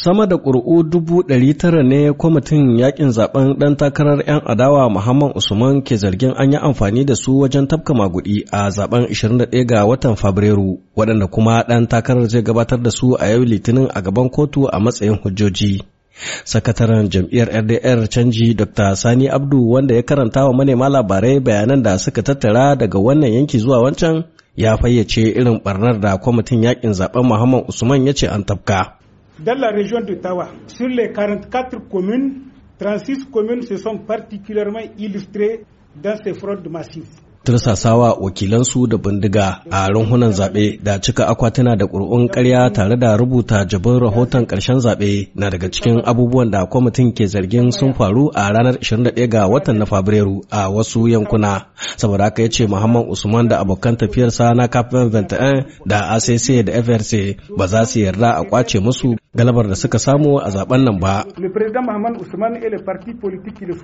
Sama da ƙuri'u dubu ɗari tara ne kwamitin yakin zaben ɗan takarar 'yan adawa Muhammad Usman ke zargin an yi amfani da su wajen tafka maguɗi, a zaben 21 ga watan Fabrairu, waɗanda kuma ɗan takarar zai gabatar da su a yau Litinin a gaban kotu a matsayin hujjoji. Sakataren jam'iyyar RDR canji Dr. Sani Abdu wanda ya karanta wa manema labarai bayanan da suka tattara daga wannan yanki zuwa wancan ya fayyace irin barnar da kwamitin yakin zaben Muhammad Usman ya ce an tafka. Dans la région d'Ottawa, sur les 44 communes, 36 communes se sont particulièrement illustrées dans ces fraudes massives. tursasawa wakilansu da bindiga a runhunan zaɓe da cika akwatuna da ƙuri'un karya tare da rubuta jabin rahoton karshen zaɓe na daga cikin abubuwan da kwamitin ke zargin sun faru a ranar 21 ga watan na Fabrairu a wasu yankuna. Saboda haka ya ce Muhammad Usman da abokan tafiyarsa na kafin 21 da ACC da FRC ba za su yarda a kwace musu galabar da suka samu a zaben nan ba. Le président Mohamed Ousmane et le parti politique qui le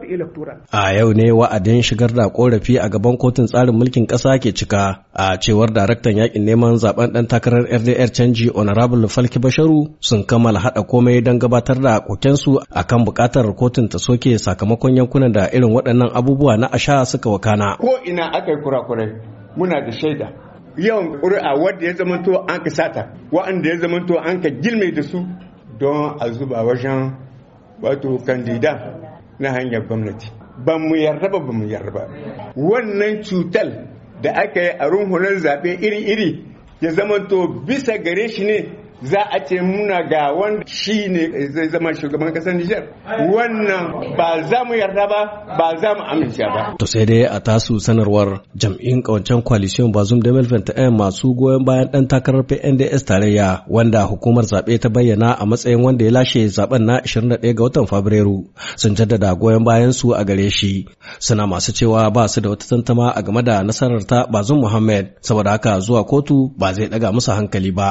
Court Electoral. A yau ne wa'adin shigar da korafi a gaban kotun tsarin mulkin ƙasa ke cika a cewar daraktan yakin neman zaben ɗan takarar RDR canji Honorable Falki Basharu sun kammala haɗa komai don gabatar da kokensu akan bukatar kotun ta soke sakamakon yankunan da irin waɗannan abubuwa na asha suka wakana. Ko ina aka yi kurakurai muna da shaida yawan ƙuri'a wadda ya zamanto an ka sata wa'anda ya zamanto an ka gilme da su don a zuba wajen wato kandida na hanyar gwamnati ba mu yarda ba ba mu yarda ba wannan cutar da aka yi a runhunan zaɓe iri-iri ya zama to bisa gare shi ne za a ce muna ga wanda shi ne zai zama shugaban kasar Nijar. Wannan ba za mu yarda ba, ba za mu amince ba. To sai dai a tasu sanarwar jam'in kawancen coalition Bazum 2021 masu goyon bayan ɗan takarar PNDS tarayya wanda hukumar zaɓe ta bayyana a matsayin wanda ya lashe zaben na 21 ga watan Fabrairu sun jaddada goyon bayan su a gare shi. Suna masu cewa ba su da wata tantama a game da nasarar ta Bazum Muhammad saboda haka zuwa kotu ba zai ɗaga musu hankali ba.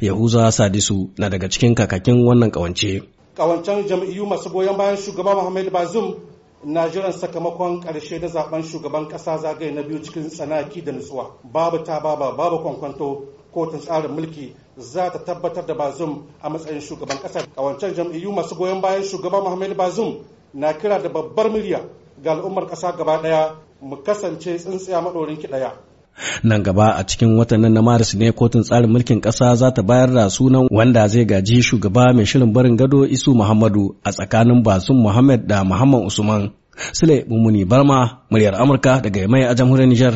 Yahuza Sadisu na daga cikin kakakin wannan kawance. Kawancen jam'iyyu masu goyon bayan shugaban Muhammad Bazum na jiran sakamakon karshe na zaben shugaban kasa zagaye na biyu cikin tsanaki da nutsuwa. Babu ta baba babu kwankwanto kotun tsarin mulki za ta tabbatar da Bazum a matsayin shugaban kasa. Kawancen jam'iyyu masu goyon bayan shugaban Muhammad Bazum na kira da babbar murya ga al'ummar kasa gaba daya mu kasance tsintsiya maɗorin ki nan gaba a cikin watan nan na maris ne kotun tsarin mulkin ƙasa za ta bayar da sunan wanda zai gaji shugaba mai shirin barin gado isu muhammadu a tsakanin basun muhammad da muhammad usman sule mummuni barma muryar amurka daga yamai a jamhuriyar nijar